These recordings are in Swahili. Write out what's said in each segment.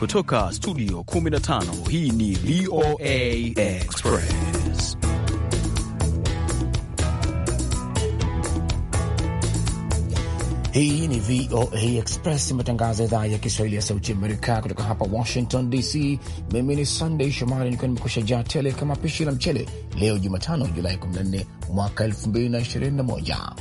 Kutoka studio 15 hii ni VOA Express. Hii ni VOA Express, matangazo ya idhaa ya Kiswahili ya Sauti Amerika kutoka hapa Washington DC. Mimi ni sandey Shomari, nikiwa nimekusha jaa tele kama pishi la mchele leo Jumatano Julai 14 mwaka 2021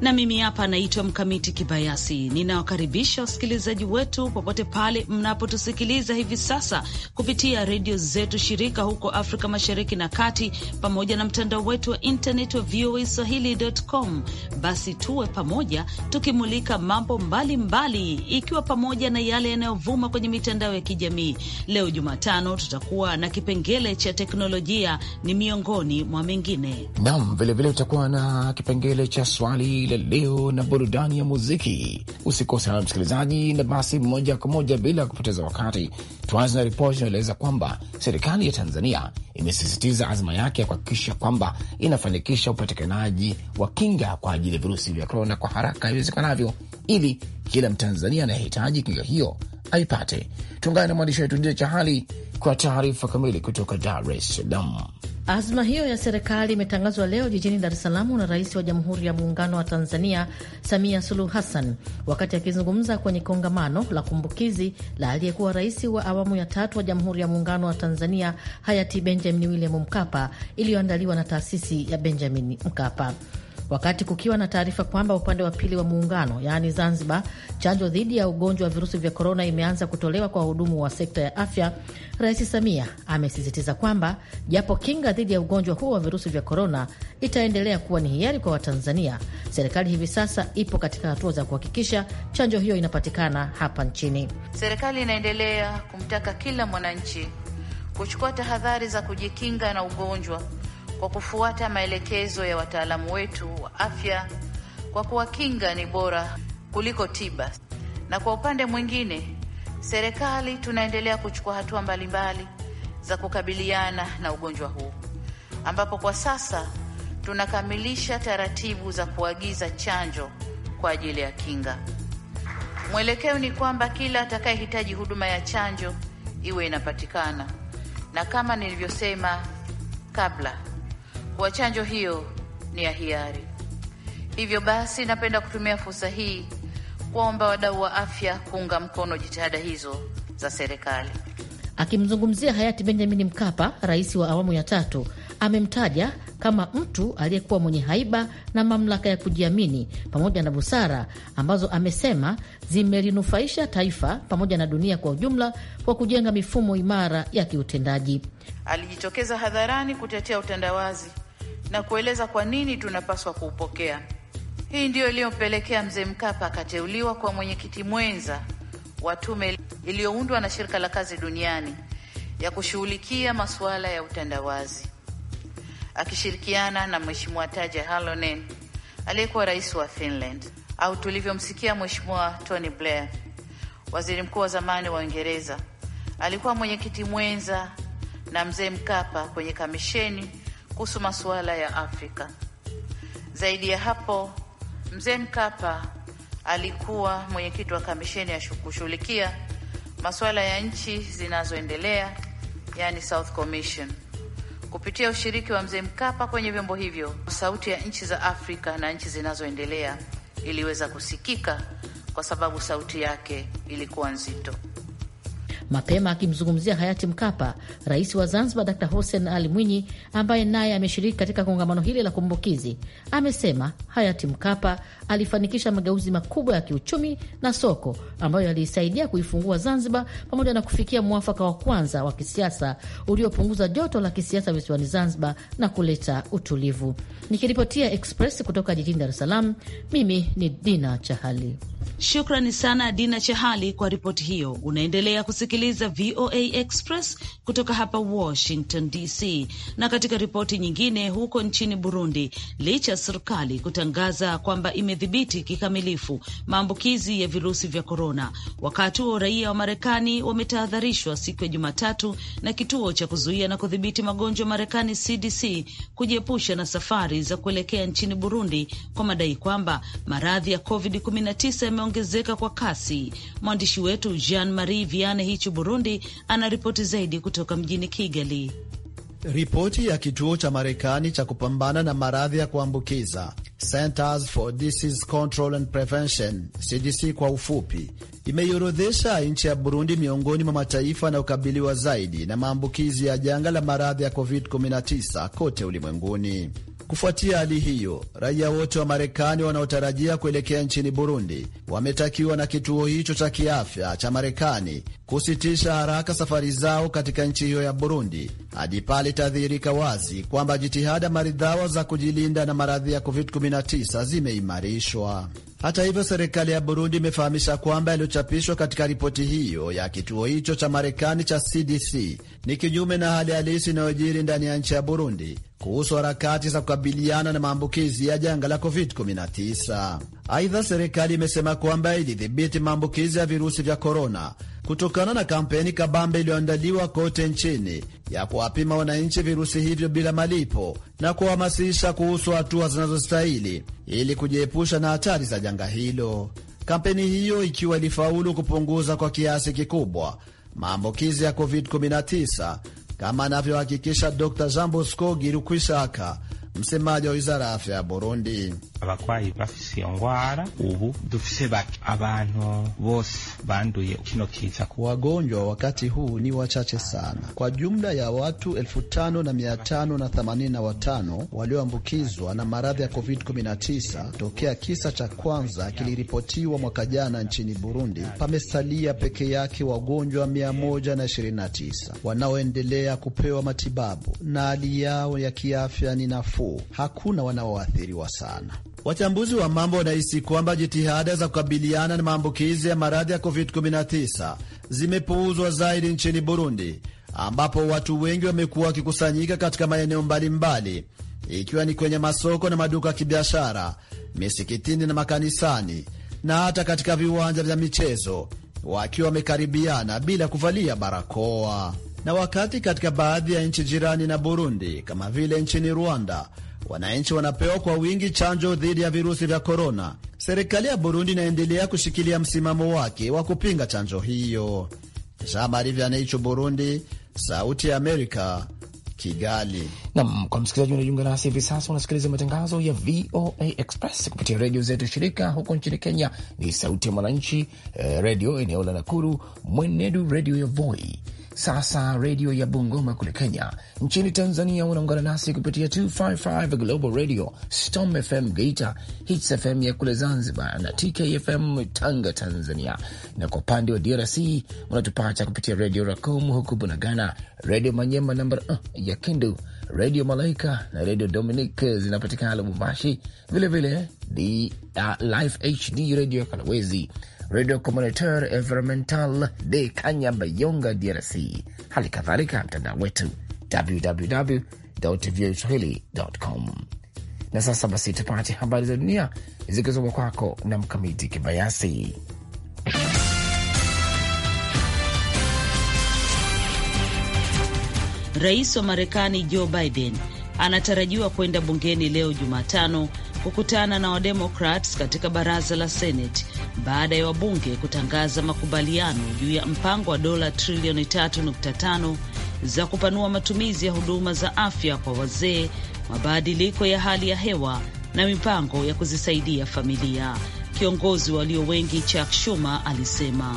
na mimi hapa naitwa Mkamiti Kibayasi. Ninawakaribisha wasikilizaji wetu popote pale mnapotusikiliza hivi sasa kupitia redio zetu shirika huko Afrika Mashariki na Kati, pamoja na mtandao wetu wa intaneti wa VOA Swahili.com. Basi tuwe pamoja tukimulika mambo mbalimbali mbali, ikiwa pamoja na yale yanayovuma kwenye mitandao ya kijamii. Leo Jumatano tutakuwa na kipengele cha teknolojia, ni miongoni mwa mengine nam, vilevile utakuwa na kipengele cha swali la leo na burudani ya muziki. Usikose na msikilizaji, na basi moja kwa moja bila kupoteza wakati, tuanze na ripoti inaeleza kwamba serikali ya Tanzania imesisitiza azma yake ya kuhakikisha kwamba inafanikisha upatikanaji wa kinga kwa ajili ya virusi vya korona kwa haraka iwezekanavyo ili kila Mtanzania anayehitaji kinga hiyo aipate. Tuungane na mwandishi wetu cha Chahali kwa taarifa kamili kutoka Dar es Salaam. Azma hiyo ya serikali imetangazwa leo jijini Dar es Salaam na Rais wa Jamhuri ya Muungano wa Tanzania Samia Suluhu Hassan wakati akizungumza kwenye kongamano la kumbukizi la aliyekuwa rais wa awamu ya tatu wa Jamhuri ya Muungano wa Tanzania hayati Benjamin William Mkapa iliyoandaliwa na taasisi ya Benjamin Mkapa wakati kukiwa na taarifa kwamba upande wa pili wa muungano yaani Zanzibar, chanjo dhidi ya ugonjwa wa virusi vya korona imeanza kutolewa kwa wahudumu wa sekta ya afya. Rais Samia amesisitiza kwamba japo kinga dhidi ya ugonjwa huo wa virusi vya korona itaendelea kuwa ni hiari kwa Watanzania, serikali hivi sasa ipo katika hatua za kuhakikisha chanjo hiyo inapatikana hapa nchini. Serikali inaendelea kumtaka kila mwananchi kuchukua tahadhari za kujikinga na ugonjwa kwa kufuata maelekezo ya wataalamu wetu wa afya, kwa kuwa kinga ni bora kuliko tiba. Na kwa upande mwingine, serikali tunaendelea kuchukua hatua mbalimbali za kukabiliana na ugonjwa huu, ambapo kwa sasa tunakamilisha taratibu za kuagiza chanjo kwa ajili ya kinga. Mwelekeo ni kwamba kila atakayehitaji huduma ya chanjo iwe inapatikana, na kama nilivyosema kabla kuwa chanjo hiyo ni ya hiari. Hivyo basi, napenda kutumia fursa hii kuwaomba wadau wa afya kuunga mkono jitihada hizo za serikali. Akimzungumzia hayati Benjamin Mkapa, rais wa awamu ya tatu, amemtaja kama mtu aliyekuwa mwenye haiba na mamlaka ya kujiamini pamoja na busara ambazo amesema zimelinufaisha taifa pamoja na dunia kwa ujumla kwa kujenga mifumo imara ya kiutendaji. Alijitokeza hadharani kutetea utandawazi na kueleza kwa nini tunapaswa kuupokea. Hii ndiyo iliyompelekea Mzee Mkapa akateuliwa kwa mwenyekiti mwenza wa tume iliyoundwa na Shirika la Kazi Duniani ya kushughulikia masuala ya utandawazi akishirikiana na Mheshimiwa Tarja Halonen aliyekuwa rais wa Finland, au tulivyomsikia Mheshimiwa Tony Blair, waziri mkuu wa zamani wa Uingereza, alikuwa mwenyekiti mwenza na Mzee Mkapa kwenye kamisheni kuhusu masuala ya Afrika. Zaidi ya hapo, mzee Mkapa alikuwa mwenyekiti wa kamisheni ya kushughulikia masuala ya nchi zinazoendelea, yani South Commission. Kupitia ushiriki wa mzee Mkapa kwenye vyombo hivyo, sauti ya nchi za Afrika na nchi zinazoendelea iliweza kusikika kwa sababu sauti yake ilikuwa nzito. Mapema akimzungumzia hayati Mkapa, rais wa Zanzibar Dr Hussein Ali Mwinyi, ambaye naye ameshiriki katika kongamano hili la kumbukizi, amesema hayati Mkapa alifanikisha mageuzi makubwa ya kiuchumi na soko ambayo aliisaidia kuifungua Zanzibar pamoja na kufikia mwafaka wa kwanza wa kisiasa uliopunguza joto la kisiasa visiwani Zanzibar na kuleta utulivu. Nikiripotia Express kutoka jijini Dar es Salaam, mimi ni Dina Chahali. Shukrani sana Dina Chahali kwa ripoti hiyo. Unaendelea kusikiliza unasikiliza VOA Express kutoka hapa Washington DC. Na katika ripoti nyingine, huko nchini Burundi, licha ya serikali kutangaza kwamba imedhibiti kikamilifu maambukizi ya virusi vya korona, wakati huo raia wa Marekani wametahadharishwa siku ya Jumatatu na kituo cha kuzuia na kudhibiti magonjwa Marekani CDC kujiepusha na safari za kuelekea nchini Burundi kwa madai kwamba maradhi ya COVID-19 yameongezeka kwa kasi. Mwandishi wetu Jean Marie Viane hicho nchi Burundi anaripoti zaidi kutoka mjini Kigali. Ripoti ya kituo cha Marekani cha kupambana na maradhi ya kuambukiza Centers for Disease Control and Prevention, CDC kwa ufupi, imeiorodhesha nchi ya Burundi miongoni mwa mataifa yanayokabiliwa zaidi na maambukizi ya janga la maradhi ya COVID-19 kote ulimwenguni. Kufuatia hali hiyo, raia wote wa Marekani wanaotarajia kuelekea nchini Burundi wametakiwa na kituo hicho cha kiafya cha Marekani kusitisha haraka safari zao katika nchi hiyo ya Burundi hadi pale itadhihirika wazi kwamba jitihada maridhawa za kujilinda na maradhi ya COVID-19 zimeimarishwa. Hata hivyo, serikali ya Burundi imefahamisha kwamba yaliyochapishwa katika ripoti hiyo ya kituo hicho cha Marekani cha CDC ni kinyume na hali halisi inayojiri ndani ya nchi ya Burundi kuhusu harakati za kukabiliana na maambukizi ya janga la COVID-19. Aidha, serikali imesema kwamba ilidhibiti maambukizi ya virusi vya korona kutokana na kampeni kabambe iliyoandaliwa kote nchini ya kuwapima wananchi virusi hivyo bila malipo na kuhamasisha kuhusu hatua zinazostahili ili kujiepusha na hatari za janga hilo. Kampeni hiyo ikiwa ilifaulu kupunguza kwa kiasi kikubwa maambukizi ya COVID-19 kama anavyohakikisha Dr Jean Bosco Girukwishaka, msemaji wa wizara ya afya ya Burundi abakwayi bafise iyo ngwara ubu dufise bake abantu bose banduye kino kiza. Wagonjwa wakati huu ni wachache sana. Kwa jumla ya watu elfu tano na mia tano na themanini na watano walioambukizwa na maradhi ya COVID-19 tokea kisa cha kwanza kiliripotiwa mwaka jana nchini Burundi, pamesalia peke yake wagonjwa 129 wanaoendelea kupewa matibabu na hali yao ya kiafya ni nafuu. Hakuna wanaoathiriwa sana. Wachambuzi wa mambo wanahisi kwamba jitihada za kukabiliana na maambukizi ya maradhi ya COVID-19 zimepuuzwa zaidi nchini Burundi, ambapo watu wengi wamekuwa wakikusanyika katika maeneo mbalimbali, ikiwa ni kwenye masoko na maduka ya kibiashara, misikitini na makanisani, na hata katika viwanja vya michezo, wakiwa wamekaribiana bila kuvalia barakoa. Na wakati katika baadhi ya nchi jirani na Burundi kama vile nchini Rwanda wananchi wanapewa kwa wingi chanjo dhidi ya virusi vya korona. Serikali ya Burundi inaendelea kushikilia msimamo wake wa kupinga chanjo hiyo. Jamarivaneicho, Burundi, Sauti ya Amerika, Kigali. Nam, kwa msikilizaji unajiunga nasi hivi sasa, unasikiliza matangazo ya VOA Express kupitia redio zetu shirika. Huko nchini Kenya ni Sauti ya Mwananchi eh, redio eneo la Nakuru, Mwenedu redio ya Voi sasa redio ya Bungoma kule Kenya. Nchini Tanzania unaungana nasi kupitia 255 Global Radio, Storm FM Geita, Hits FM ya kule Zanzibar na TKFM Tanga, Tanzania. Na kwa upande wa DRC unatupata kupitia redio Racom huku Bunagana, redio Manyema namba uh, ya Kindu, redio Malaika na redio Dominic zinapatikana Lubumbashi, vilevile uh, Life HD redio ya Kalawezi Radio Communautaire Environmental de Kanyabayonga, DRC, hali kadhalika mtandao wetu www Na sasa basi, tupate habari za dunia zikizoma kwako na Mkamiti Kibayasi. Rais wa Marekani Joe Biden anatarajiwa kwenda bungeni leo Jumatano kukutana na Wademokrats katika baraza la Seneti baada ya wabunge kutangaza makubaliano juu ya mpango wa dola trilioni 3.5 za kupanua matumizi ya huduma za afya kwa wazee, mabadiliko ya hali ya hewa na mipango ya kuzisaidia familia. Kiongozi walio wengi Chuck Schumer alisema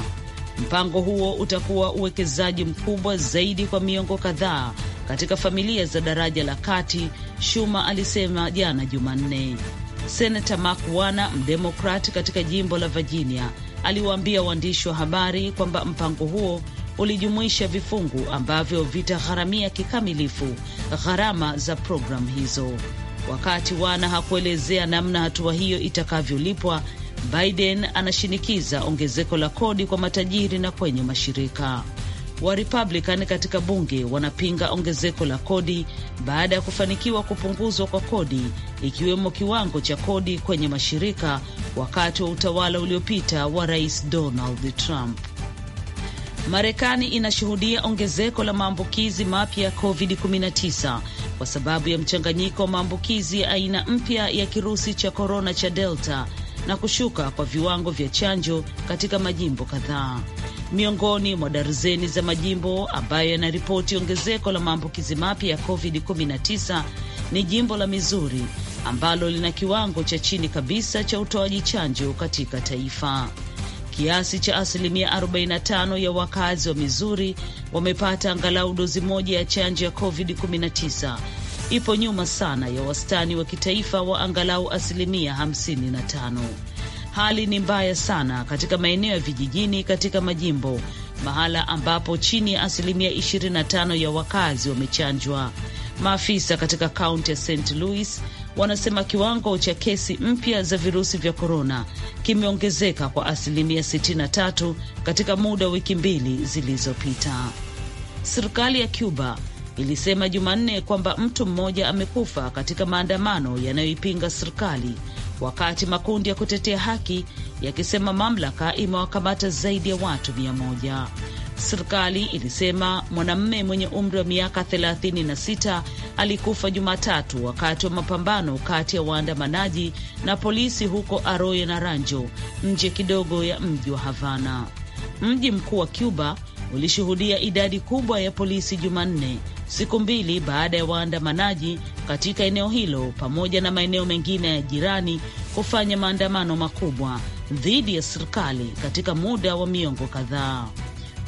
mpango huo utakuwa uwekezaji mkubwa zaidi kwa miongo kadhaa katika familia za daraja la kati, Shuma alisema jana Jumanne. Senata Mark Warner, mdemokrati katika jimbo la Virginia, aliwaambia waandishi wa habari kwamba mpango huo ulijumuisha vifungu ambavyo vitagharamia kikamilifu gharama za programu hizo. Wakati Wana hakuelezea namna hatua hiyo itakavyolipwa, Biden anashinikiza ongezeko la kodi kwa matajiri na kwenye mashirika wa Republican katika bunge wanapinga ongezeko la kodi baada ya kufanikiwa kupunguzwa kwa kodi ikiwemo kiwango cha kodi kwenye mashirika wakati wa utawala uliopita wa Rais Donald Trump. Marekani inashuhudia ongezeko la maambukizi mapya ya COVID-19 kwa sababu ya mchanganyiko wa maambukizi ya aina mpya ya kirusi cha korona cha Delta na kushuka kwa viwango vya chanjo katika majimbo kadhaa miongoni mwa darzeni za majimbo ambayo yanaripoti ongezeko la maambukizi mapya ya COVID-19 ni jimbo la Mizuri ambalo lina kiwango cha chini kabisa cha utoaji chanjo katika taifa. Kiasi cha asilimia 45 ya wakazi wa Mizuri wamepata angalau dozi moja ya chanjo ya COVID-19, ipo nyuma sana ya wastani wa kitaifa wa angalau asilimia 55. Hali ni mbaya sana katika maeneo ya vijijini katika majimbo, mahala ambapo chini ya asilimia 25 ya wakazi wamechanjwa. Maafisa katika kaunti ya St Louis wanasema kiwango cha kesi mpya za virusi vya korona kimeongezeka kwa asilimia 63 katika muda wa wiki mbili zilizopita. Serikali ya Cuba ilisema Jumanne kwamba mtu mmoja amekufa katika maandamano yanayoipinga serikali wakati makundi ya kutetea haki yakisema mamlaka imewakamata zaidi ya watu mia moja. Serikali ilisema mwanamume mwenye umri wa miaka 36 alikufa Jumatatu wakati wa mapambano kati ya waandamanaji na polisi huko Arroyo Naranjo, nje kidogo ya mji wa Havana. Mji mkuu wa Cuba ulishuhudia idadi kubwa ya polisi Jumanne siku mbili baada ya waandamanaji katika eneo hilo pamoja na maeneo mengine ya jirani kufanya maandamano makubwa dhidi ya serikali katika muda wa miongo kadhaa.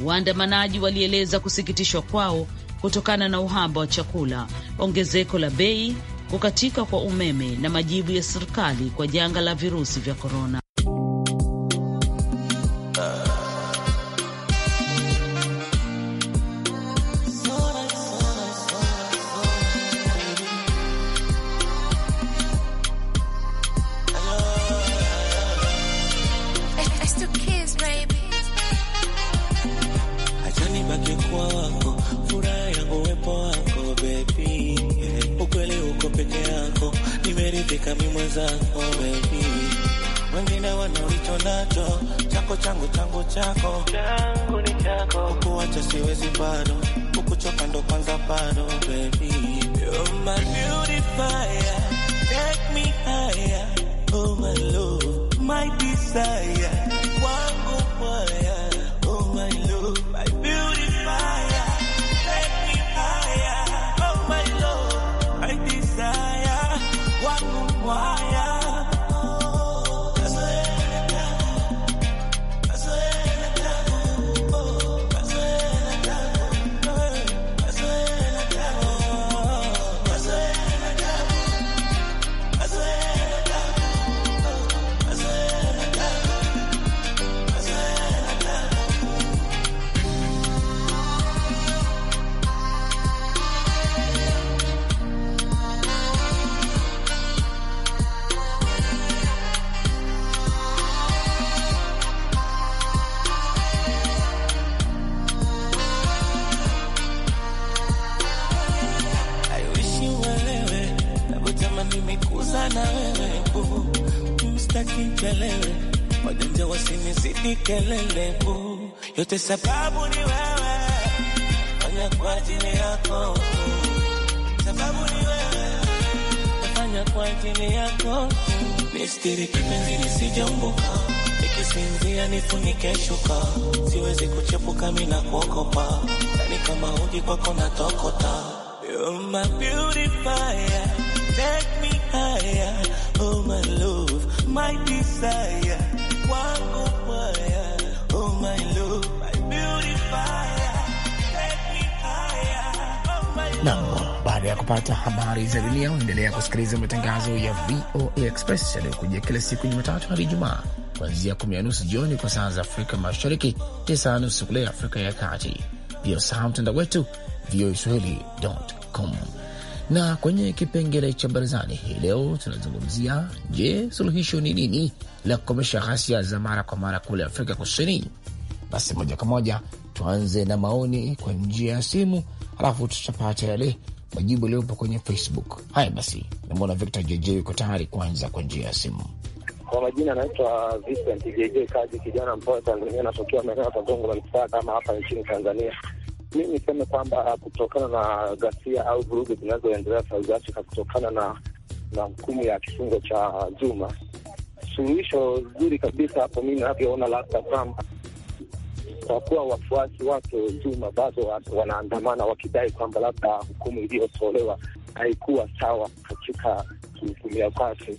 Waandamanaji walieleza kusikitishwa kwao kutokana na uhaba wa chakula, ongezeko la bei, kukatika kwa umeme na majibu ya serikali kwa janga la virusi vya korona. Hakika mimi mwenzako baby, wengine wanawicho nacho chako changu changu chako changu ni chako, ukuacha siwezi bado, ukuchoka ndo kwanza bado baby, you're my beautifier, take me higher, oh my love, my desire yote sababu ni wewe, fanya kwa ajili yako, sababu ni wewe, fanya kwa ajili yako. Nistiri kipenzi nisijambuka, nikisinzia nifunike shuka, siwezi kuchepuka mimi na kuokopa yani kama uji kwako natokota. You're my beautifier, take me higher, oh my love, my desire, wangu Nam, baada ya kupata habari za dunia, unaendelea kusikiliza matangazo ya VOA Express yanayokuja kila siku Jumatatu hadi Ijumaa kuanzia kumi na nusu jioni kwa saa za Afrika Mashariki, tisa na nusu kule Afrika ya Kati. Pia usahau mtandao wetu VOA Swahili.com. Na kwenye kipengele cha barazani hii leo tunazungumzia, je, suluhisho ni nini la kukomesha ghasia za mara kwa mara kule Afrika Kusini? Basi moja kwa moja tuanze na maoni kwa njia ya simu halafu tutapata yale majibu yaliyopo kwenye Facebook. Haya basi, namwona Victor JJ yuko tayari kuanza kwa njia ya simu. Kwa majina anaitwa Vincent JJ Kaji, kijana mpoa Tanzania, natokea maeneo Kagongo la Msaa kama hapa nchini Tanzania. Mi niseme kwamba kutokana na ghasia au vurugu zinazoendelea South Africa kutokana na na hukumu ya kifungo cha Zuma, suluhisho zuri kabisa hapo mi navyoona labda kwamba kwa kuwa wafuasi wake Zuma bado wanaandamana wakidai kwamba labda hukumu iliyotolewa haikuwa sawa katika kuhukumia kwake,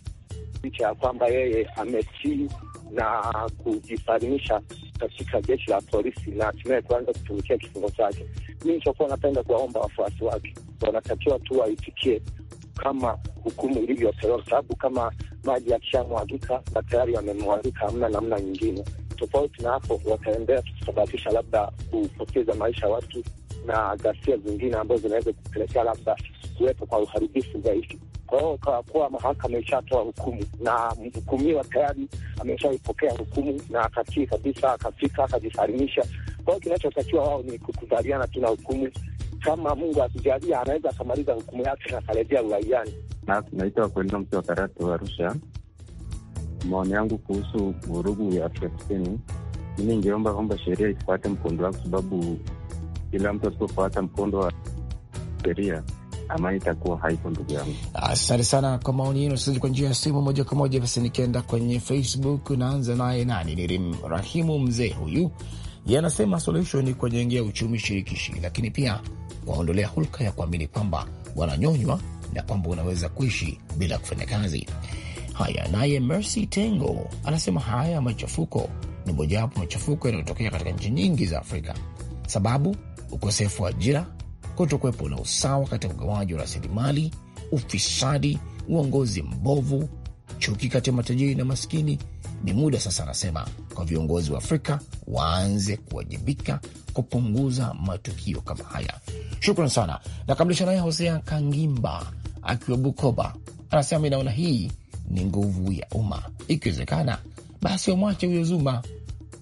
licha ya kwamba yeye ametii na kujisalimisha katika jeshi la polisi na hatimaye kuanza kutumikia kifungo chake. Mi nichokuwa napenda kuwaomba wafuasi wake, wanatakiwa tu waitikie kama hukumu ilivyotolewa, kwa sababu kama maji yakishamwagika na tayari wamemwagika, hamna namna nyingine. Tofauti na hapo, wataendea kusababisha labda kupoteza maisha watu na ghasia zingine ambazo zinaweza kupelekea labda kuwepo kwa uharibifu zaidi. Kwa hiyo kwa kuwa mahakama ishatoa hukumu na mhukumiwa tayari ameshaipokea hukumu na akatii kabisa, akafika akajisalimisha. Kwa hiyo kinachotakiwa wao ni kukubaliana tu na hukumu. Kama Mungu akijalia, anaweza akamaliza hukumu yake na akarejea uraiani. Naitwa Kwenda Mtu wa Karatu Arusha maoni yangu kuhusu vurugu ya Afrika Kusini, mimi ningeomba kwamba sheria ifuate mkondo wake, sababu kila mtu asipofuata mkondo wa sheria amani itakuwa haiko, Ndugu yangu, asante sana kwa maoni yenu. Sasa kwa njia ya simu moja kwa moja, basi nikienda kwenye Facebook, naanza naye nani, ni Rahimu mzee huyu yanasema solution ni kujengea uchumi shirikishi, lakini pia waondolea hulka ya kuamini kwamba wananyonywa na kwamba unaweza kuishi bila kufanya kazi. Haya, naye Mercy Tengo anasema haya machafuko ni mojawapo machafuko yanayotokea katika nchi nyingi za Afrika, sababu ukosefu wa ajira, kutokuwepo na usawa katika ugawaji wa rasilimali, ufisadi, uongozi mbovu, chuki kati ya matajiri na maskini. Ni muda sasa, anasema kwa viongozi wa Afrika waanze kuwajibika kupunguza matukio kama haya. Shukran sana. Nakamilisha naye Hosea Kangimba akiwa Bukoba, anasema inaona hii ni nguvu ya umma. Ikiwezekana basi wamwache huyo Zuma.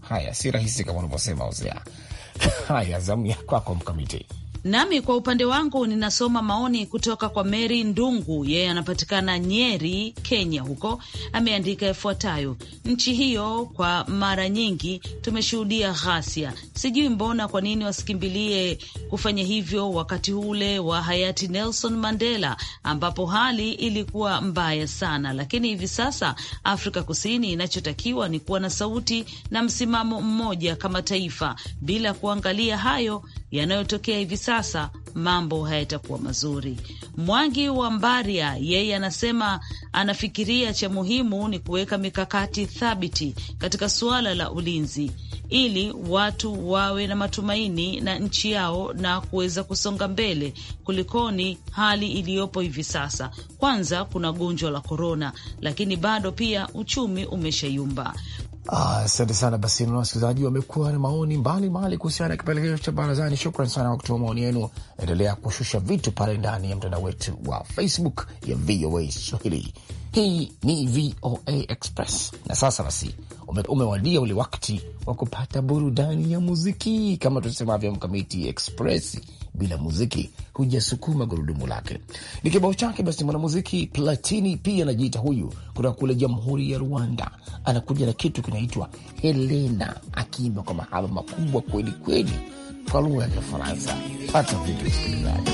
Haya, si rahisi kama unavyosema Hosea. Haya, zamu ya kwako Mkamiti. Nami kwa upande wangu ninasoma maoni kutoka kwa Mary Ndungu, yeye anapatikana Nyeri, Kenya. Huko ameandika yafuatayo: nchi hiyo kwa mara nyingi tumeshuhudia ghasia, sijui mbona, kwa nini wasikimbilie kufanya hivyo wakati ule wa hayati Nelson Mandela, ambapo hali ilikuwa mbaya sana. Lakini hivi sasa Afrika Kusini inachotakiwa ni kuwa na sauti na msimamo mmoja kama taifa, bila kuangalia hayo yanayotokea hivi sasa, mambo hayatakuwa mazuri. Mwangi wa Mbaria yeye anasema anafikiria cha muhimu ni kuweka mikakati thabiti katika suala la ulinzi ili watu wawe na matumaini na nchi yao na kuweza kusonga mbele kulikoni hali iliyopo hivi sasa. Kwanza kuna gonjwa la korona, lakini bado pia uchumi umeshayumba. Ah, asante ah, sana. Basi na wasikilizaji wamekuwa na maoni mbalimbali kuhusiana na kipelekeo cha barazani. Shukran sana kwa kutuma maoni yenu, endelea kushusha vitu pale ndani ya mtandao wetu wa Facebook ya VOA Swahili. Hii ni VOA Express na sasa basi umewadia ule wakati wa kupata burudani ya muziki, kama tusemavyo Mkamiti Express bila muziki hujasukuma gurudumu lake. Ni kibao chake. Basi mwanamuziki Platini pia anajiita huyu, kutoka kule Jamhuri ya Rwanda, anakuja na kitu kinaitwa Helena, akiimba kwa mahaba makubwa kweli kweli kwa lugha ya Kifaransa. Pata vitu, msikilizaji.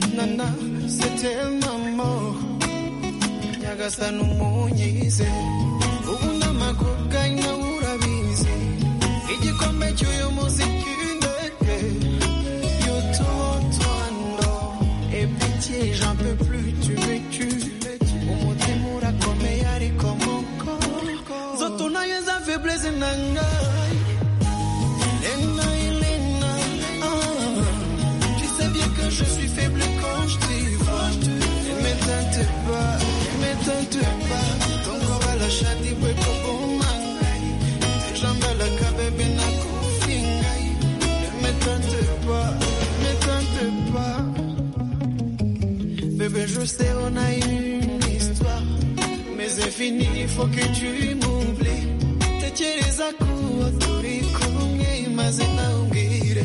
c'est nana, c'était maman. Nyagasa n'umunyise, ubu n'amagufwa nyina urabizi. Igikombe cy'uyu munsi cy'indege, y'utubuto ndo, et pitié j'en peux je sais, on a une histoire. Mais c'est fini, faut que tu m'oublies. Tekereza kuwa mais kumwe, maze nawubwire.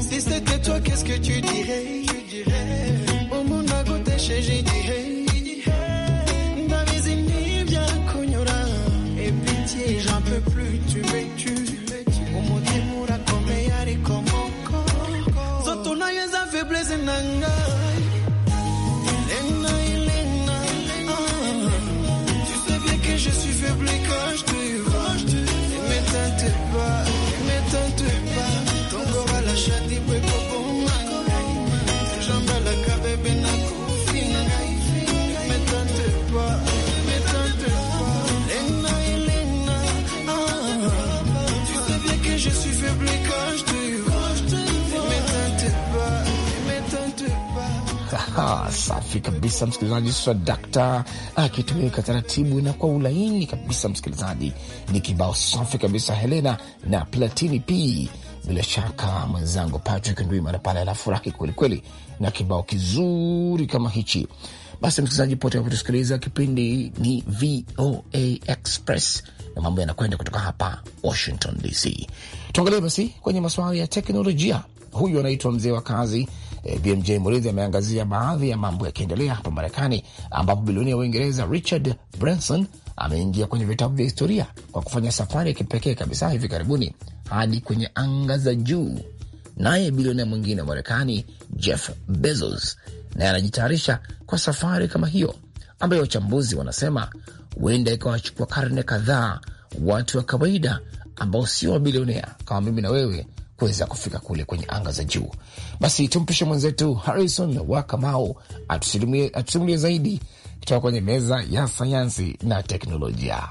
Si c'était toi, qu'est-ce que tu dirais? Tu dirais. Umuntu agutesheje igihe. Ndabizi ntibyakunyura. Et pitié, j'en peux plus, tu m'es tu Ah, safi kabisa msikilizaji, Swadakta akitoweka taratibu na kwa ulaini kabisa. Msikilizaji, ni kibao safi kabisa, Helena na Platini P. Bila shaka mwenzangu Patrick Ndwimana pale anafurahi kwelikweli na kibao kizuri kama hichi. Basi msikilizaji pote akutusikiliza, kipindi ni VOA Express na mambo yanakwenda kutoka hapa Washington DC. Tuangalie basi kwenye masuala ya teknolojia. Huyu anaitwa mzee wa kazi Eh, BMJ Muridhi ameangazia baadhi ya mambo yakiendelea hapa Marekani, ambapo bilionia wa Uingereza Richard Branson ameingia kwenye vitabu vya historia kwa kufanya safari ya kipekee kabisa hivi karibuni hadi kwenye anga za juu. Naye bilionia mwingine wa Marekani Jeff Bezos naye anajitayarisha kwa safari kama hiyo ambayo wachambuzi wanasema huenda ikawachukua karne kadhaa watu wa kawaida ambao sio wabilionea kama mimi na wewe kuweza kufika kule kwenye anga za juu. Basi tumpishe mwenzetu Harrison Wakamau atusimulie zaidi kutoka kwenye meza ya sayansi na teknolojia.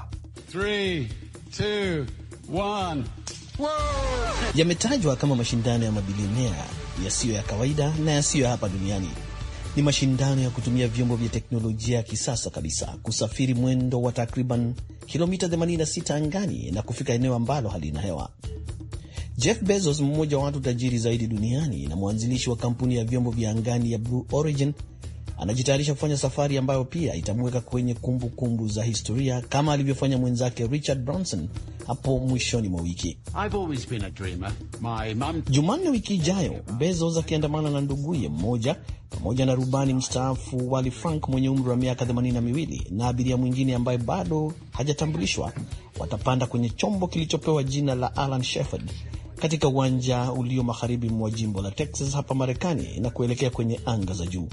Yametajwa kama mashindano ya mabilionea yasiyo ya kawaida na yasiyo ya hapa duniani. Ni mashindano ya kutumia vyombo vya teknolojia ya kisasa kabisa kusafiri mwendo wa takriban kilomita 86 angani na kufika eneo ambalo halina hewa. Jeff Bezos, mmoja wa watu tajiri zaidi duniani na mwanzilishi wa kampuni ya vyombo vya angani ya Blue Origin, anajitayarisha kufanya safari ambayo pia itamweka kwenye kumbukumbu kumbu za historia kama alivyofanya mwenzake Richard Branson hapo mwishoni mwa wiki. Jumanne wiki ijayo, Bezos akiandamana na nduguye mmoja pamoja na rubani mstaafu Wally Frank mwenye umri wa miaka 82 na abiria mwingine ambaye bado hajatambulishwa watapanda kwenye chombo kilichopewa jina la Alan Shepard katika uwanja ulio magharibi mwa jimbo la Texas hapa Marekani na kuelekea kwenye anga za juu.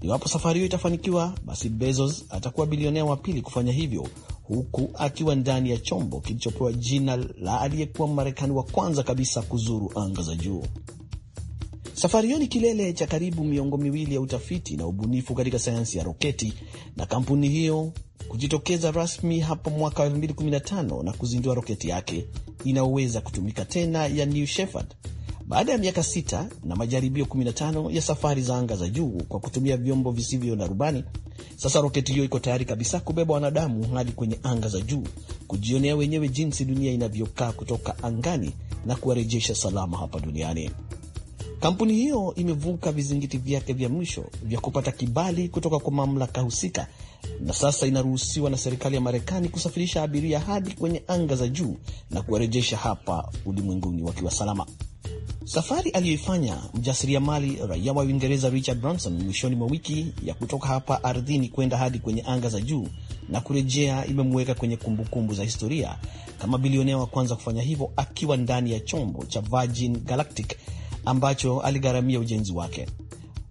Iwapo safari hiyo itafanikiwa, basi Bezos atakuwa bilionea wa pili kufanya hivyo, huku akiwa ndani ya chombo kilichopewa jina la aliyekuwa Marekani wa kwanza kabisa kuzuru anga za juu. Safari hiyo ni kilele cha karibu miongo miwili ya utafiti na ubunifu katika sayansi ya roketi na kampuni hiyo kujitokeza rasmi hapo mwaka 2015 na kuzindua roketi yake inayoweza kutumika tena ya New Shepard baada ya miaka sita na majaribio 15 ya safari za anga za juu kwa kutumia vyombo visivyo na rubani, sasa roketi hiyo iko tayari kabisa kubeba wanadamu hadi kwenye anga za juu, kujionea wenyewe jinsi dunia inavyokaa kutoka angani na kuwarejesha salama hapa duniani. Kampuni hiyo imevuka vizingiti vyake vya mwisho vya kupata kibali kutoka kwa mamlaka husika na sasa inaruhusiwa na serikali ya Marekani kusafirisha abiria hadi kwenye anga za juu na kuwarejesha hapa ulimwenguni wakiwa salama. Safari aliyoifanya mjasiriamali raia wa Uingereza Richard Branson mwishoni mwa wiki ya kutoka hapa ardhini kwenda hadi kwenye anga za juu na kurejea imemweka kwenye kumbukumbu kumbu za historia kama bilionea wa kwanza kufanya hivyo akiwa ndani ya chombo cha Virgin Galactic ambacho aligharamia ujenzi wake.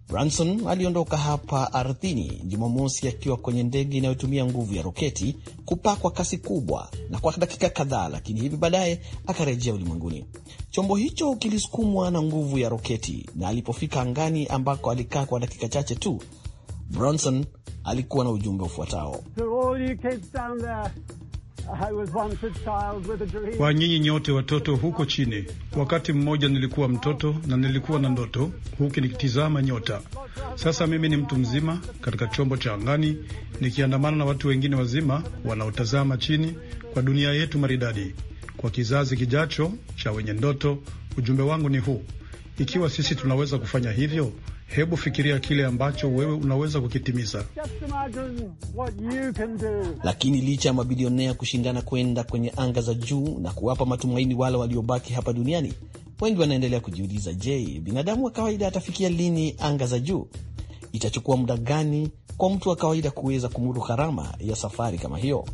Branson aliondoka hapa ardhini Jumamosi akiwa kwenye ndege inayotumia nguvu ya roketi kupaa kwa kasi kubwa na kwa dakika kadhaa, lakini hivi baadaye akarejea ulimwenguni. Chombo hicho kilisukumwa na nguvu ya roketi, na alipofika angani ambako alikaa kwa dakika chache tu, Branson alikuwa na ujumbe ufuatao: kwa nyinyi nyote watoto huko chini, wakati mmoja nilikuwa mtoto na nilikuwa na ndoto huku nikitizama nyota. Sasa mimi ni mtu mzima katika chombo cha angani, nikiandamana na watu wengine wazima wanaotazama chini kwa dunia yetu maridadi. Kwa kizazi kijacho cha wenye ndoto, ujumbe wangu ni huu: ikiwa sisi tunaweza kufanya hivyo, Hebu fikiria kile ambacho wewe unaweza kukitimiza. Lakini licha ya mabilionea kushindana kwenda kwenye anga za juu na kuwapa matumaini wale waliobaki hapa duniani, wengi wanaendelea kujiuliza, je, binadamu wa kawaida atafikia lini anga za juu? Itachukua muda gani kwa mtu wa kawaida kuweza kumudu gharama ya safari kama hiyo?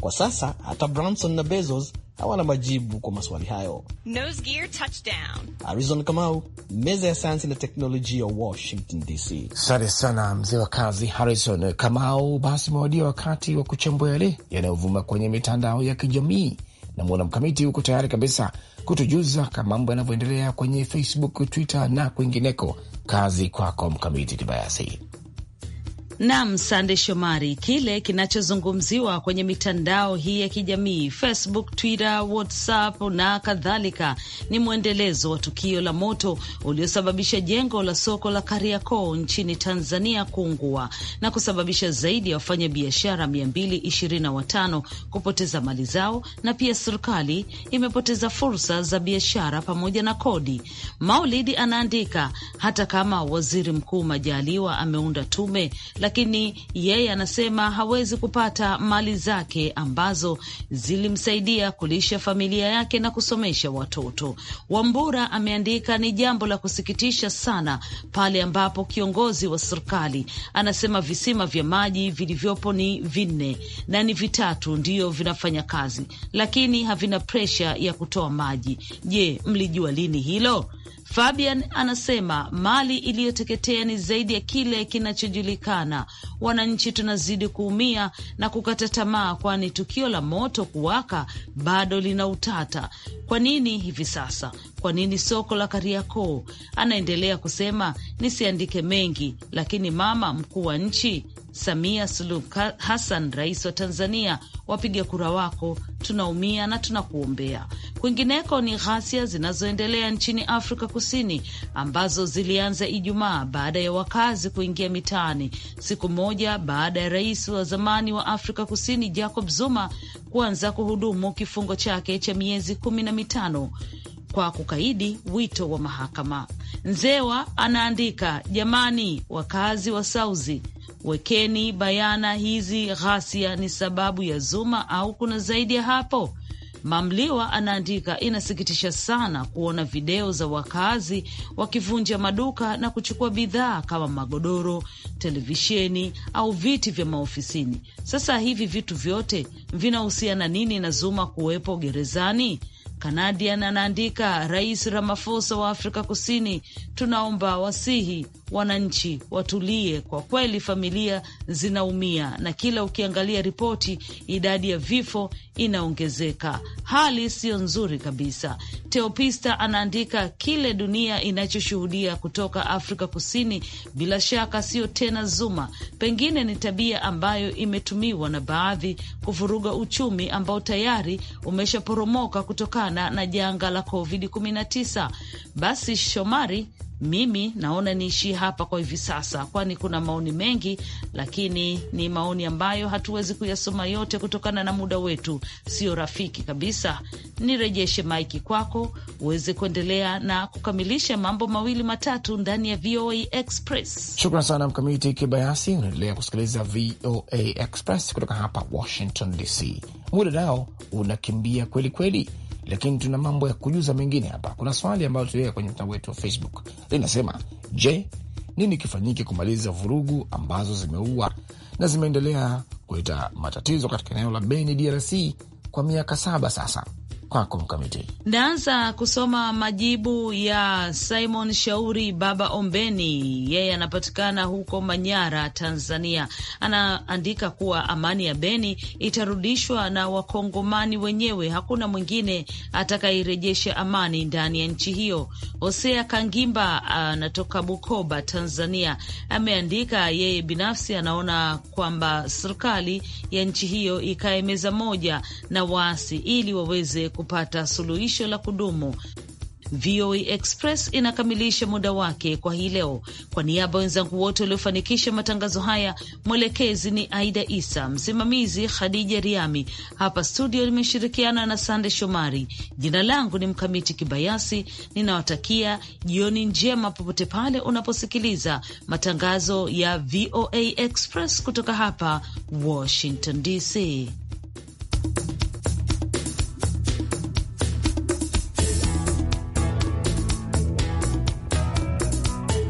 Kwa sasa hata Branson na Bezos hawana majibu kwa maswali hayo. Nose gear touchdown. Arizona Kamau, meza ya sayansi na teknolojia, Washington DC. Asante sana mzee wa kazi Harrison Kamau. Basi mewadia wakati wa kuchambua yale yanayovuma kwenye mitandao ya kijamii na mwana mkamiti huko tayari kabisa kutujuza kama mambo yanavyoendelea kwenye Facebook, Twitter na kwingineko. Kazi kwako Mkamiti Kibayasi. Nam Sande Shomari, kile kinachozungumziwa kwenye mitandao hii ya kijamii Facebook, Twitter, WhatsApp na kadhalika ni mwendelezo wa tukio la moto uliosababisha jengo la soko la Kariakoo nchini Tanzania kuungua na kusababisha zaidi ya wafanyabiashara 225 kupoteza mali zao, na pia serikali imepoteza fursa za biashara pamoja na kodi. Maulidi anaandika hata kama Waziri Mkuu Majaliwa ameunda tume lakini yeye anasema hawezi kupata mali zake ambazo zilimsaidia kulisha familia yake na kusomesha watoto. Wambura ameandika, ni jambo la kusikitisha sana pale ambapo kiongozi wa serikali anasema visima vya maji vilivyopo ni vinne na ni vitatu ndiyo vinafanya kazi, lakini havina presha ya kutoa maji. Je, mlijua lini hilo? Fabian anasema mali iliyoteketea ni zaidi ya kile kinachojulikana. Wananchi tunazidi kuumia na kukata tamaa, kwani tukio la moto kuwaka bado lina utata. Kwa nini hivi sasa? Kwa nini soko la Kariakoo? Anaendelea kusema, nisiandike mengi, lakini mama mkuu wa nchi Samia Suluhu Hassan, rais wa Tanzania, wapiga kura wako, tunaumia na tunakuombea. Kwingineko ni ghasia zinazoendelea nchini Afrika Kusini ambazo zilianza Ijumaa baada ya wakazi kuingia mitaani siku moja baada ya rais wa zamani wa Afrika Kusini Jacob Zuma kuanza kuhudumu kifungo chake cha miezi kumi na mitano kwa kukaidi wito wa mahakama. Nzewa anaandika, jamani, wakazi wa Sauzi Wekeni bayana hizi ghasia ni sababu ya Zuma au kuna zaidi ya hapo? Mamliwa anaandika, inasikitisha sana kuona video za wakazi wakivunja maduka na kuchukua bidhaa kama magodoro, televisheni au viti vya maofisini. Sasa hivi vitu vyote vinahusiana nini na Zuma kuwepo gerezani? Canadian anaandika, Rais Ramaphosa wa Afrika Kusini, tunaomba wasihi wananchi watulie. Kwa kweli familia zinaumia, na kila ukiangalia ripoti, idadi ya vifo inaongezeka. Hali siyo nzuri kabisa. Teopista anaandika kile dunia inachoshuhudia kutoka Afrika Kusini, bila shaka siyo tena Zuma, pengine ni tabia ambayo imetumiwa na baadhi kuvuruga uchumi ambao tayari umeshaporomoka kutokana na janga la COVID-19. Basi Shomari mimi naona niishie hapa kwa hivi sasa, kwani kuna maoni mengi, lakini ni maoni ambayo hatuwezi kuyasoma yote kutokana na muda wetu sio rafiki kabisa. Nirejeshe maiki kwako uweze kuendelea na kukamilisha mambo mawili matatu ndani ya VOA Express. Shukran sana Mkamiti Kibayasi. Unaendelea kusikiliza VOA Express kutoka hapa Washington DC. Muda nao unakimbia kweli kweli lakini tuna mambo ya kujuza mengine hapa. Kuna swali ambalo tuliweka kwenye mtandao wetu wa Facebook linasema, je, nini kifanyike kumaliza vurugu ambazo zimeua na zimeendelea kuleta matatizo katika eneo la Beni, DRC kwa miaka saba sasa? kwako Mkamiti. Naanza kusoma majibu ya Simon Shauri Baba Ombeni, yeye anapatikana huko Manyara, Tanzania. Anaandika kuwa amani ya Beni itarudishwa na Wakongomani wenyewe, hakuna mwingine atakairejesha amani ndani ya nchi hiyo. Hosea Kangimba ah, anatoka Bukoba, Tanzania, ameandika yeye binafsi anaona kwamba serikali ya nchi hiyo ikae meza moja na waasi ili waweze kupata suluhisho la kudumu. VOA Express inakamilisha muda wake kwa hii leo. Kwa niaba ya wenzangu wote waliofanikisha matangazo haya, mwelekezi ni Aida Isa, msimamizi Khadija Riami, hapa studio limeshirikiana na Sande Shomari. Jina langu ni Mkamiti Kibayasi, ninawatakia jioni njema popote pale unaposikiliza matangazo ya VOA Express kutoka hapa Washington DC.